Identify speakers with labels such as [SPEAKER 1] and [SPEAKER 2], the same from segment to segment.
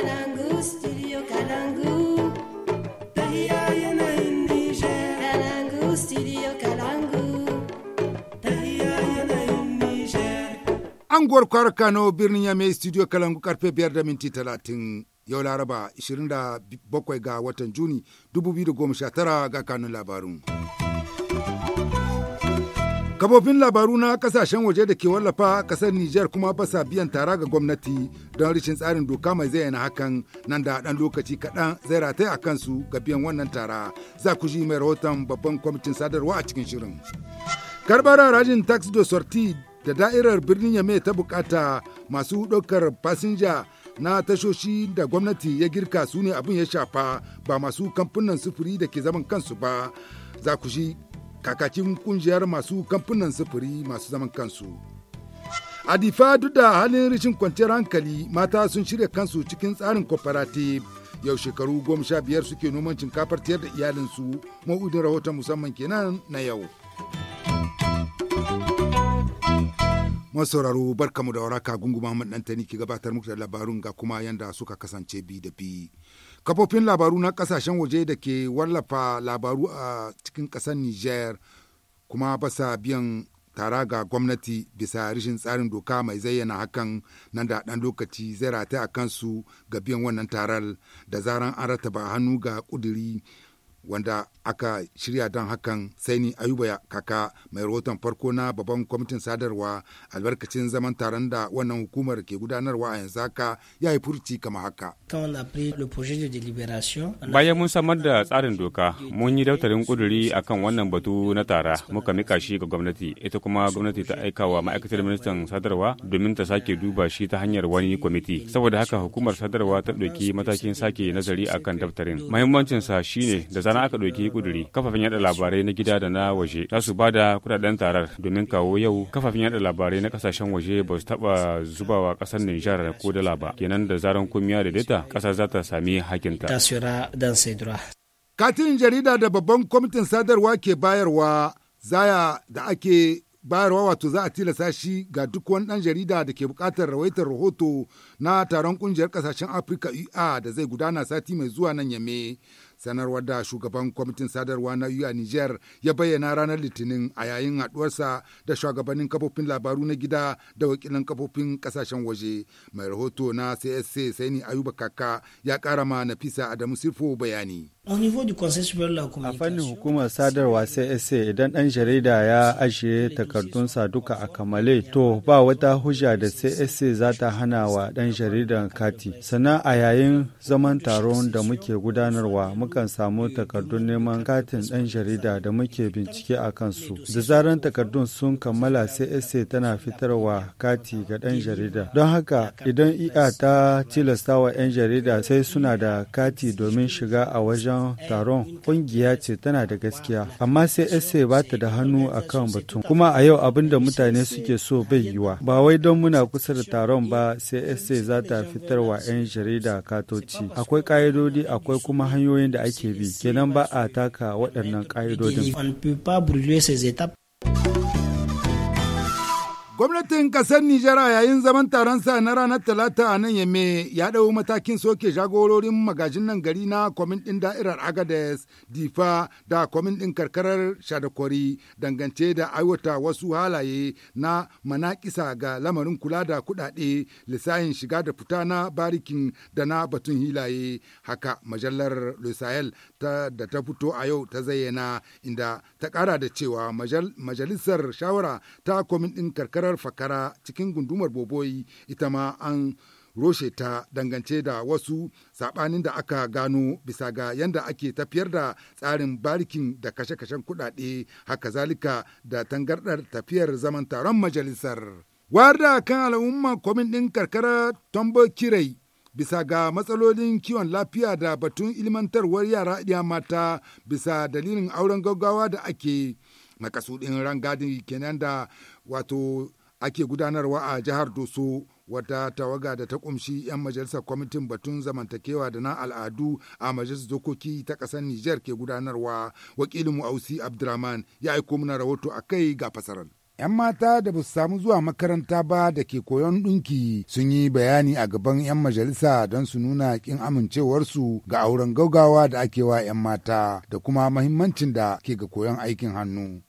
[SPEAKER 1] an studio Kalangu. yana Kalangu,
[SPEAKER 2] Kano birnin Yame studio Kalangu karfe biyar da minti talatin. Yau Laraba 27 ga watan Juni 2019 ga kanun labarun. Kafofin labaru na kasashen waje da ke wallafa kasar Nijar kuma basa biyan tara ga gwamnati don rishin tsarin doka mai zai na hakan nan da dan lokaci kaɗan zai ratai a kansu ga biyan wannan tara. Za ku ji mai rahoton babban kwamitin sadarwa a cikin shirin. Karbar harajin tax da sorti da da'irar birnin Yame ta bukata masu ɗaukar fasinja na tashoshi da gwamnati ya girka su ne abin ya shafa ba masu kamfunan sufuri da ke zaman kansu ba. Za ku ji kakakin kungiyar masu kamfunan sufuri masu zaman kansu. A difa duk da halin rishin kwanciyar hankali mata sun shirya kansu cikin tsarin cooperative yau shekaru goma sha biyar suke noman shinkafar tiyar da iyalinsu ma'udin rahoton musamman kenan na yau. masauraro barkamu da waraka gunguma dantani ke gabatar muku da labarun ga kuma yanda suka kasance bi da bi. Kafofin labaru na kasashen waje da ke wallafa labaru a cikin ƙasar nijer kuma ba sa biyan tara ga gwamnati bisa rashin tsarin doka mai zayyana hakan nan da ɗan lokaci zai rata a kansu ga biyan wannan tarar da zaran an rataba hannu ga ƙuduri wanda aka shirya don hakan sai ni ayuba kaka mai rahoton farko na babban kwamitin sadarwa albarkacin zaman taron da wannan hukumar ke gudanarwa a yanzu haka ya yi furci kama haka
[SPEAKER 3] bayan mun samar da tsarin doka mun yi dautarin kuduri akan wannan batu na tara muka mika shi ga gwamnati ita kuma gwamnati ta aika wa ma'aikatar ministan sadarwa domin ta sake duba shi ta hanyar wani kwamiti saboda haka hukumar sadarwa ta ɗauki matakin sake nazari akan daftarin muhimmancinsa shine da na aka ɗauki kuduri kafafen yada labarai na gida da na waje za su ba da kudaden tarar domin kawo yau kafafen yada labarai na kasashen waje ba su taɓa zuba wa kasar Nijar ko dala ba kenan da zaran komiya da data ƙasa za ta sami hakinta.
[SPEAKER 2] Katin jarida da babban kwamitin sadarwa ke bayarwa zaya da ake bayarwa wato za a tilasta shi ga duk wani dan jarida da ke bukatar rawaitar rahoto na taron ƙungiyar kasashen afirka ua da zai gudana sati mai zuwa nan yame sanarwar da shugaban kwamitin sadarwa na a niger ya bayyana ranar litinin a yayin haɗuwarsa da shugabannin kafofin labaru na gida da wakilan kafofin ƙasashen waje mai rahoto na csc saini ayuba kaka ya ƙara ma nafisa adamu sifo bayani
[SPEAKER 1] A
[SPEAKER 4] fannin hukumar sadarwa CSA idan dan jarida ya ajiye takardunsa duka a kamale to ba wata hujja da CSA za ta hana wa dan jaridan kati. Sannan a yayin zaman taron da muke gudanarwa mukan samu takardun neman katin dan jarida da muke bincike a kansu. Da zaran takardun sun kammala CSA tana fitarwa kati ga dan jarida. Don haka idan iya e ta tilastawa 'yan jarida sai suna da kati domin shiga a wajen wajen taron kungiya ce tana da gaskiya amma sai SA ba ta da hannu a kan batun kuma a yau abin da mutane suke so bai yiwa ba wai don muna kusa da taron ba sai SA za ta fitar wa 'yan jarida katoci akwai ka'idodi akwai kuma hanyoyin da ake bi kenan ba a taka waɗannan ka'idodin
[SPEAKER 2] Gwamnatin ƙasar Nijar yayin zaman taron sa na ranar Talata a nan Yame ya ɗau matakin soke jagororin magajin nan gari na kwamin ɗin da'irar Agades, Difa da kwamin ɗin karkarar Shadakwari dangance da aiwata wasu halaye na manaƙisa ga lamarin kula da kuɗaɗe lissahin shiga da fita na barikin da na batun hilaye. Haka majallar Lusayel ta da ta fito a yau ta zayyana inda ta kara da cewa majalisar shawara ta komin ɗin karkarar fakara cikin gundumar boboyi ita ma an roshe ta dangance da wasu sabanin da aka gano bisa ga yadda ake tafiyar da tsarin barikin da kashe-kashen kudade haka zalika da tangardar tafiyar zaman taron majalisar. wadda kan al'umma kwamin ɗin karkara Tombo Kirai bisa ga matsalolin kiwon lafiya da batun ilmantarwar yara iya mata bisa dalilin auren gaggawa da ake makasudin rangadin kenan da wato ake gudanarwa a jihar doso wata tawaga da ta kumshi 'yan majalisar kwamitin batun zamantakewa da na al'adu a majalisar dokoki ta ƙasar Nijar ke gudanarwa wakilinmu Ausi Abdurrahman ya aiko mana rahoto a kai ga fasarar. 'Yan mata da ba su samu zuwa makaranta ba da ke koyon ɗinki sun yi bayani a gaban 'yan majalisa don su nuna kin amincewarsu ga auren gaugawa da ake wa 'yan mata da kuma mahimmancin da ke ga koyon aikin hannu.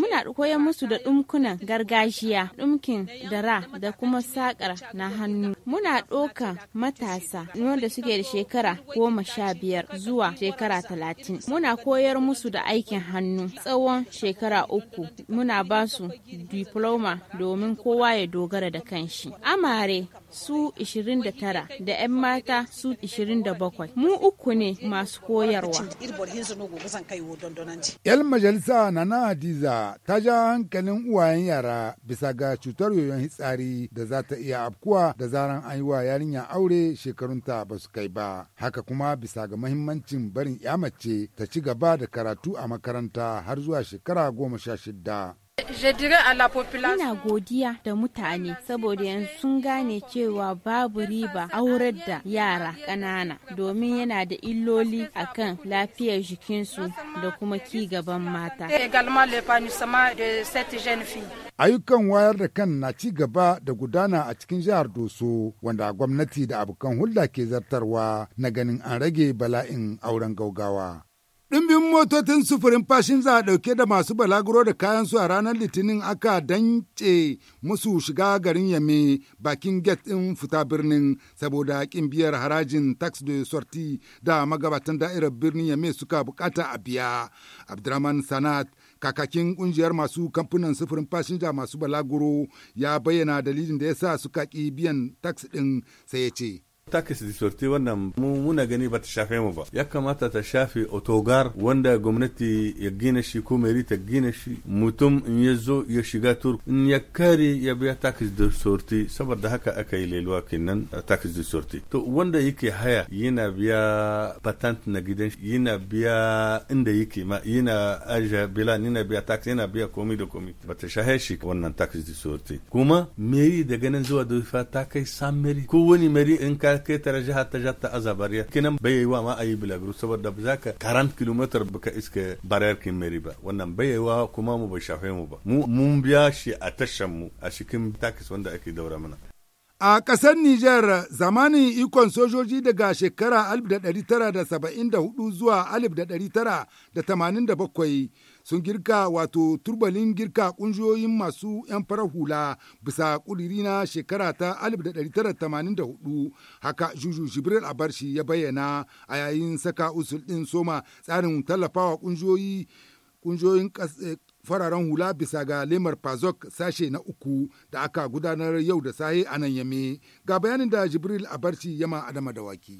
[SPEAKER 1] Muna koyar musu da ɗumkunan gargajiya, ɗumkin dara da kuma saƙar na hannu. Muna ɗoka matasa wanda suke da shekara goma sha biyar zuwa shekara talatin. Muna koyar musu da aikin hannu tsawon shekara uku. Muna ba su diploma domin kowa ya dogara da kanshi. Amare su 29 da 'yan mata su 27 mu uku ne masu koyarwa.
[SPEAKER 2] yan majalisa na na hadiza ta ja hankalin uwayen yara bisa ga cutar yoyon hitsari da za ta iya afkuwa da zaran an yi wa yarinya aure shekarunta ba su kai ba haka kuma bisa ga mahimmancin barin ya mace ta ci gaba da karatu a makaranta har zuwa shekara goma sha shida
[SPEAKER 1] Ina godiya da mutane saboda yanzu sun gane cewa babu riba aurar da yara ƙanana domin yana da illoli akan lafiyar jikinsu da kuma ki gaban mata.
[SPEAKER 2] Ayyukan wayar da kan na ci gaba da gudana a cikin jihar Doso wanda gwamnati da abokan hulɗa ke zartarwa na ganin an rage bala'in auren gaugawa. Ɗumbin motocin sufurin fashin za a ɗauke da masu balaguro da kayan su a ranar Litinin aka dance musu shiga garin Yame bakin gate ɗin fita birnin saboda ƙin biyar harajin tax de sorti da magabatan da'irar birnin Yame suka bukata a biya. Abdurrahman Sanat kakakin ƙungiyar masu kamfunan sufurin fashinja masu balaguro ya bayyana dalilin da ya sa suka ƙi biyan tax ɗin
[SPEAKER 4] sai ya ce. takis disorti wannan mu muna gani ba ta shafe mu ba ya kamata ta shafe otogar wanda gwamnati ya gina shi ko meri ta gina shi mutum in ya zo ya shiga tur in ya kare ya biya takis disorti saboda haka aka yi leluwa kenan takis disorti to wanda yake haya yana biya patent na gidan yana biya inda yake ma yana aja bila yana biya tax yana biya komi da komi ba ta shahe shi wannan takis disorti kuma meri daga nan zuwa dofa ta kai san meri ko wani meri in ka ta jiha ta jatta aza bariyar kinan bai yi wa ma a yi bilabiru saboda ba za ka 40 km baka iska bariyar meri ba wannan bai yi wa kuma mu bai shafe mu ba mu mun biya shi a tashan mu a cikin takis wanda ake daura mana
[SPEAKER 2] A ƙasar Nijar, zamanin ikon sojoji daga shekara 1974 zuwa 1987 sun girka wato turbalin girka ƙungiyoyin masu 'yan fara hula bisa ƙuriri na shekara ta 1984 haka Juju Jibril Abarshi ya bayyana a yayin saka usul ɗin soma tsarin tallafawa ƙungiyoyi fararen hula bisa ga lemar pazok sashe na uku da aka gudanar yau da saye a nan yame ga bayanin da jibril abarci yama adama da waki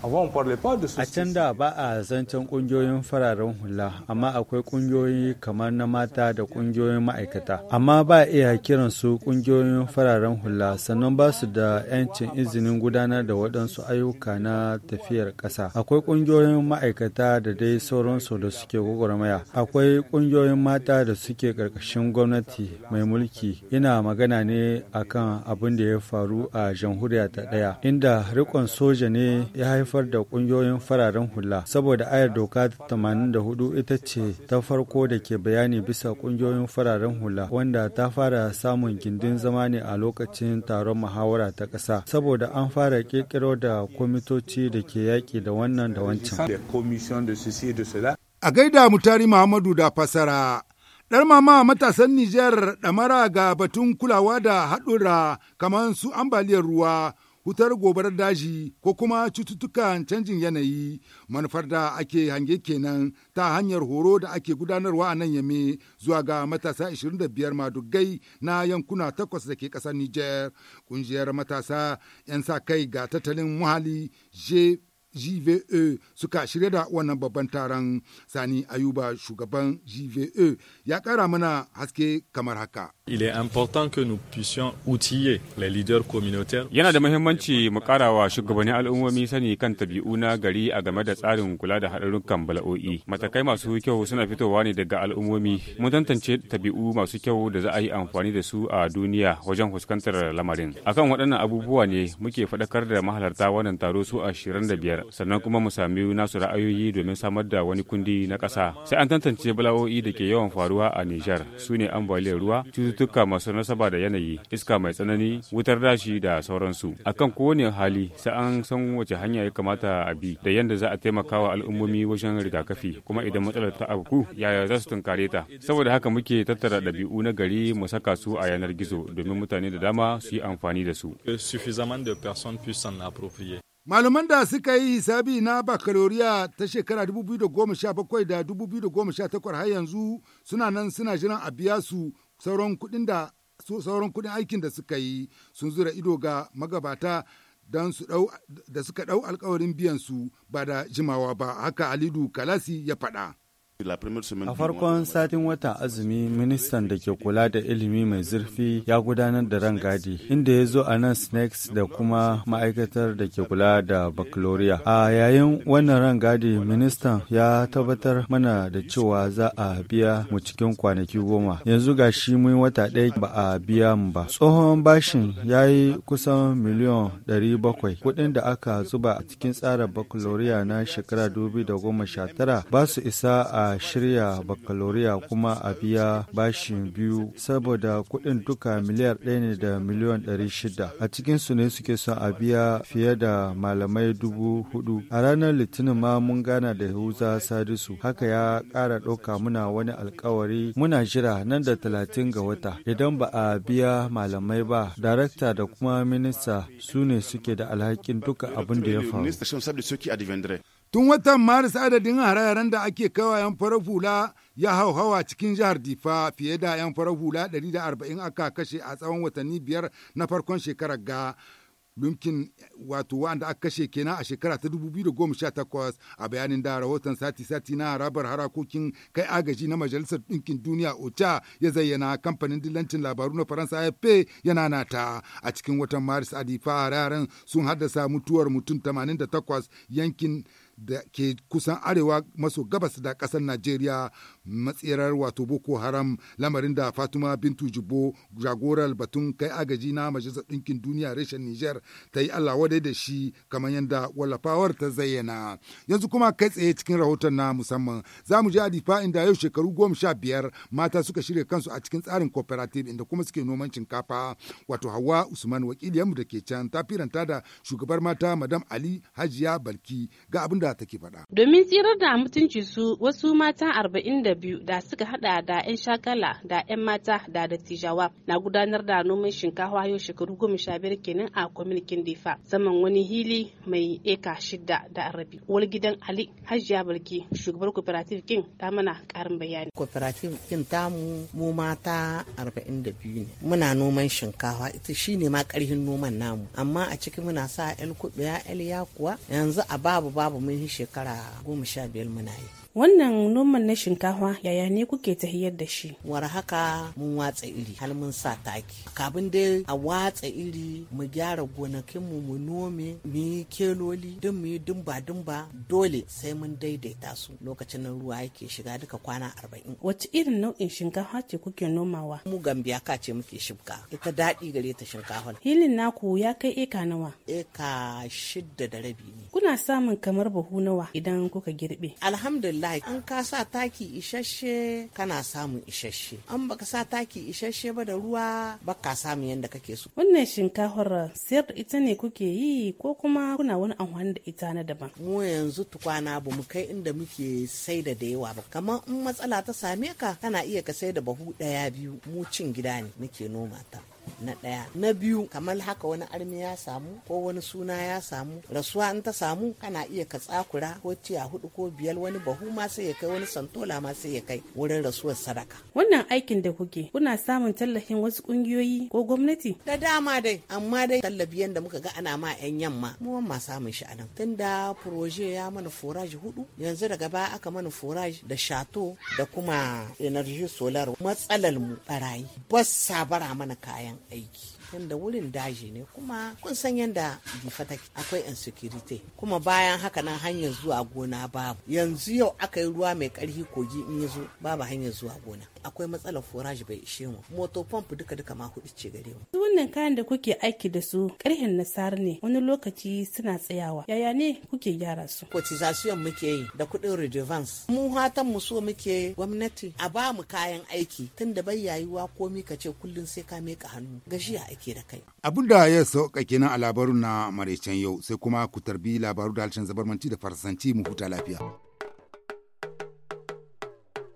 [SPEAKER 4] a can da ba a zancen kungiyoyin fararen hula amma akwai kungiyoyi kamar na mata da kungiyoyin ma'aikata amma ba iya kiran su kungiyoyin fararen hula sannan ba su da yancin izinin gudanar da waɗansu ayyuka na tafiyar ƙasa akwai kungiyoyin ma'aikata da dai sauransu da suke gwagwarmaya akwai kungiyoyin mata da suke karkashin ƙarƙashin gwamnati mai mulki ina magana ne akan abin da ya faru a jamhuriya ta ɗaya inda rikon soja ne ya haifar da ƙungiyoyin fararen hula saboda ayar doka 84 ita ce ta farko da ke bayani bisa ƙungiyoyin fararen hula wanda ta fara samun gindin zama ne a lokacin taron muhawara ta ƙasa saboda an fara
[SPEAKER 2] ƙirƙiro da kwamitoci da ke yaƙi da wannan da wancan. A gaida mutari Muhammadu da fasara Ɗar mama matasan Nijar ɗamara ga batun kulawa da haɗura kamar su ambaliyar ruwa, hutar gobarar daji ko kuma cututtukan canjin yanayi manufar da ake hange kenan ta hanyar horo da ake gudanarwa a nan yame zuwa ga matasa 25 madugai na yankuna takwas da ke ƙasar Nijar. Ƙungiyar matasa 'yan sa kai ga tattalin muhali gve suka shirya da wannan babban taron sani ayuba shugaban gve ya kara mana haske kamar haka
[SPEAKER 3] Il est important que nous puissions outiller les leaders communautaires. Yana da muhimmanci mu karawa shugabanni al'ummomi sani kan tabi'u na gari a game da tsarin kula da haɗarurrukan bala'o'i. Matakai masu kyau suna fitowa ne daga al'ummomi. mu tantance tabi'u masu kyau da za a yi amfani da su a duniya wajen fuskantar lamarin. Akan waɗannan abubuwa ne muke faɗakar da mahalarta wannan taro su a biyar. biyar sannan kuma mu sami nasu ra'ayoyi domin samar da wani kundi na ƙasa sai an tantance bala'o'i da ke yawan faruwa a Nijar su ne ambaliyar ruwa cututtuka masu nasaba da yanayi iska mai tsanani wutar dashi da sauransu akan kowane hali sai an san wace hanya ya kamata a bi da yadda za a taimaka wa al'ummomi wajen rigakafi kuma idan matsalar ta abu yaya za su tunkare ta saboda haka muke tattara ɗabi'u na gari mu saka su a yanar gizo domin mutane da dama su yi amfani da su. de approprier.
[SPEAKER 2] Malaman da suka yi hisabi na bakaloriya ta shekara 2017 da 2018 har yanzu suna nan suna jiran a biya su sauran kuɗin aikin da suka yi sun zura ido ga magabata don su da suka ɗau alkawarin biyan su ba da jimawa ba haka Alidu Kalasi ya
[SPEAKER 3] faɗa. A farkon
[SPEAKER 4] satin watan azumi ministan da ke kula da ilimi mai zurfi ya gudanar da rangadi inda ya zo a nan snakes da kuma ma'aikatar da ke kula da bakloriya. A yayin wannan rangadi ministan ya tabbatar mana da cewa za a biya mu cikin kwanaki goma. Yanzu ga shi mun wata ɗaya ba a biya mu ba. Tsohon bashin ya yi kusan miliyan ɗari bakwai kuɗin da aka zuba a cikin tsarin bakloriya na shekara dubu da goma sha tara ba su isa a shirya bakaloriya kuma a biya bashin biyu saboda kuɗin duka miliyar ɗaya ne da miliyan ɗari shida a cikinsu ne suke son a biya fiye da malamai dubu hudu a ranar litinin ma mun gana da huza sadisu haka ya ƙara ɗauka muna wani alkawari muna jira nan da talatin ga wata idan ba a biya malamai ba darakta da kuma minista su ne suke da alhakin duka abin da ya faru
[SPEAKER 2] Tun watan Maris adadin hare-haren da ake kawa 'yan farar hula ya hau hawa cikin jihar Difa fiye da 'yan farar hula 140 aka kashe a tsawon watanni biyar na farkon shekarar ga. lumkin wato wanda aka kashe kenan a shekara ta 2018 a bayanin da rahoton sati-sati na harabar harakokin kai agaji na majalisar ɗinkin duniya ocha ya zayyana kamfanin dillancin labaru na faransa afp yana nata a cikin watan maris adifa a sun haddasa mutuwar mutum 88 yankin da ke kusan arewa maso gabas da ƙasar Najeriya matsirar wato boko haram lamarin da fatima bintu jibo jagorar batun kai agaji na majalisar ɗinkin duniya reshen niger ta yi allah wadai da shi kamar yadda wallafawar ta zayyana yanzu kuma kai tsaye cikin rahoton na musamman za mu je adifa inda yau shekaru goma sha biyar mata suka shirya kansu a cikin tsarin cooperative inda kuma suke noman shinkafa wato hawa usman wakiliyarmu da ke can ta firanta da shugabar mata madam ali hajiya balki ga abin da take faɗa.
[SPEAKER 1] domin tsirar da mutunci su wasu mata arba'in da biyu da suka hada da 'yan shakala da 'yan mata da dattijawa na gudanar da noman shinkafa yau shekaru goma sha biyar kenan a kwamitin difa saman wani hili mai eka shida da arabi wani gidan ali hajiya barki shugabar cooperative king ta mana karin bayani cooperative king ta mu mata 42 ne muna noman shinkafa ita shine ma karhin noman namu amma a ciki muna sa el kuɓiya el yakuwa yanzu a babu babu mun shekara goma sha biyar muna yi wannan noman na shinkafa yaya ne kuke tahiyar da shi war haka mun watsa iri har mun sa taki kafin dai a watsa iri mu gyara gonakin mu mu nome mu yi keloli din mu yi dumba dumba dole sai mun daidaita su lokacin nan ruwa yake shiga duka kwana arba'in wace irin nau'in shinkafa ce kuke nomawa mu gambiya ka ce muke shibka ita daɗi gare ta shinkafa hilin naku ya kai eka nawa eka shidda da rabi ne kuna samun kamar buhu nawa idan kuka girbe alhamdulillah wallahi an ka sa taki isasshe kana samun isasshe an baka sa taki isasshe ba da ruwa ba ka samun yadda kake so wannan shinkafar sayar da ita ne kuke yi ko kuma kuna wani amfani da ita na daban mu yanzu tukwana ba mu kai inda muke sai da da yawa ba kamar in matsala ta same ka kana iya ka sai da bahu ɗaya biyu mu cin gida ne muke noma ta na ɗaya na biyu kamar haka wani armi ya samu ko wani suna ya samu rasuwa in ta samu kana iya ka tsakura ko ciya hudu ko biyar wani bahu ma sai ya kai wani santola ma sai ya kai wurin rasuwar sadaka wannan aikin da kuke kuna samun tallafin wasu kungiyoyi ko gwamnati da dama dai amma dai tallafiyan da muka ga ana ma yan yamma mu ma samun shi anan tunda proje ya mana forage hudu yanzu daga baya aka mana forage da shato da kuma energy solar matsalar mu barayi bas sabara mana kayan aiki tunda wurin daji ne kuma kun san yadda jifa take akwai insecurity kuma bayan haka nan hanyar zuwa gona babu yanzu yau aka yi ruwa mai karfi kogi in yi zo babu hanyar zuwa gona akwai matsalar forage bai ishe mu moto pump duka duka ma hudu ce gare mu wannan kayan da kuke aiki da su karhin nasar ne wani lokaci suna tsayawa yaya ne kuke gyara su cotization muke yi da kuɗin redevance mu hatan mu so muke gwamnati a ba mu kayan aiki tunda bai yayuwa komi ka ce kullun sai ka meka hannu gajiya ake da kai
[SPEAKER 2] abun da ya sauka kenan a labarun na maraicen yau sai kuma ku tarbi labaru da halshen zabarmanci da farsanci mu huta lafiya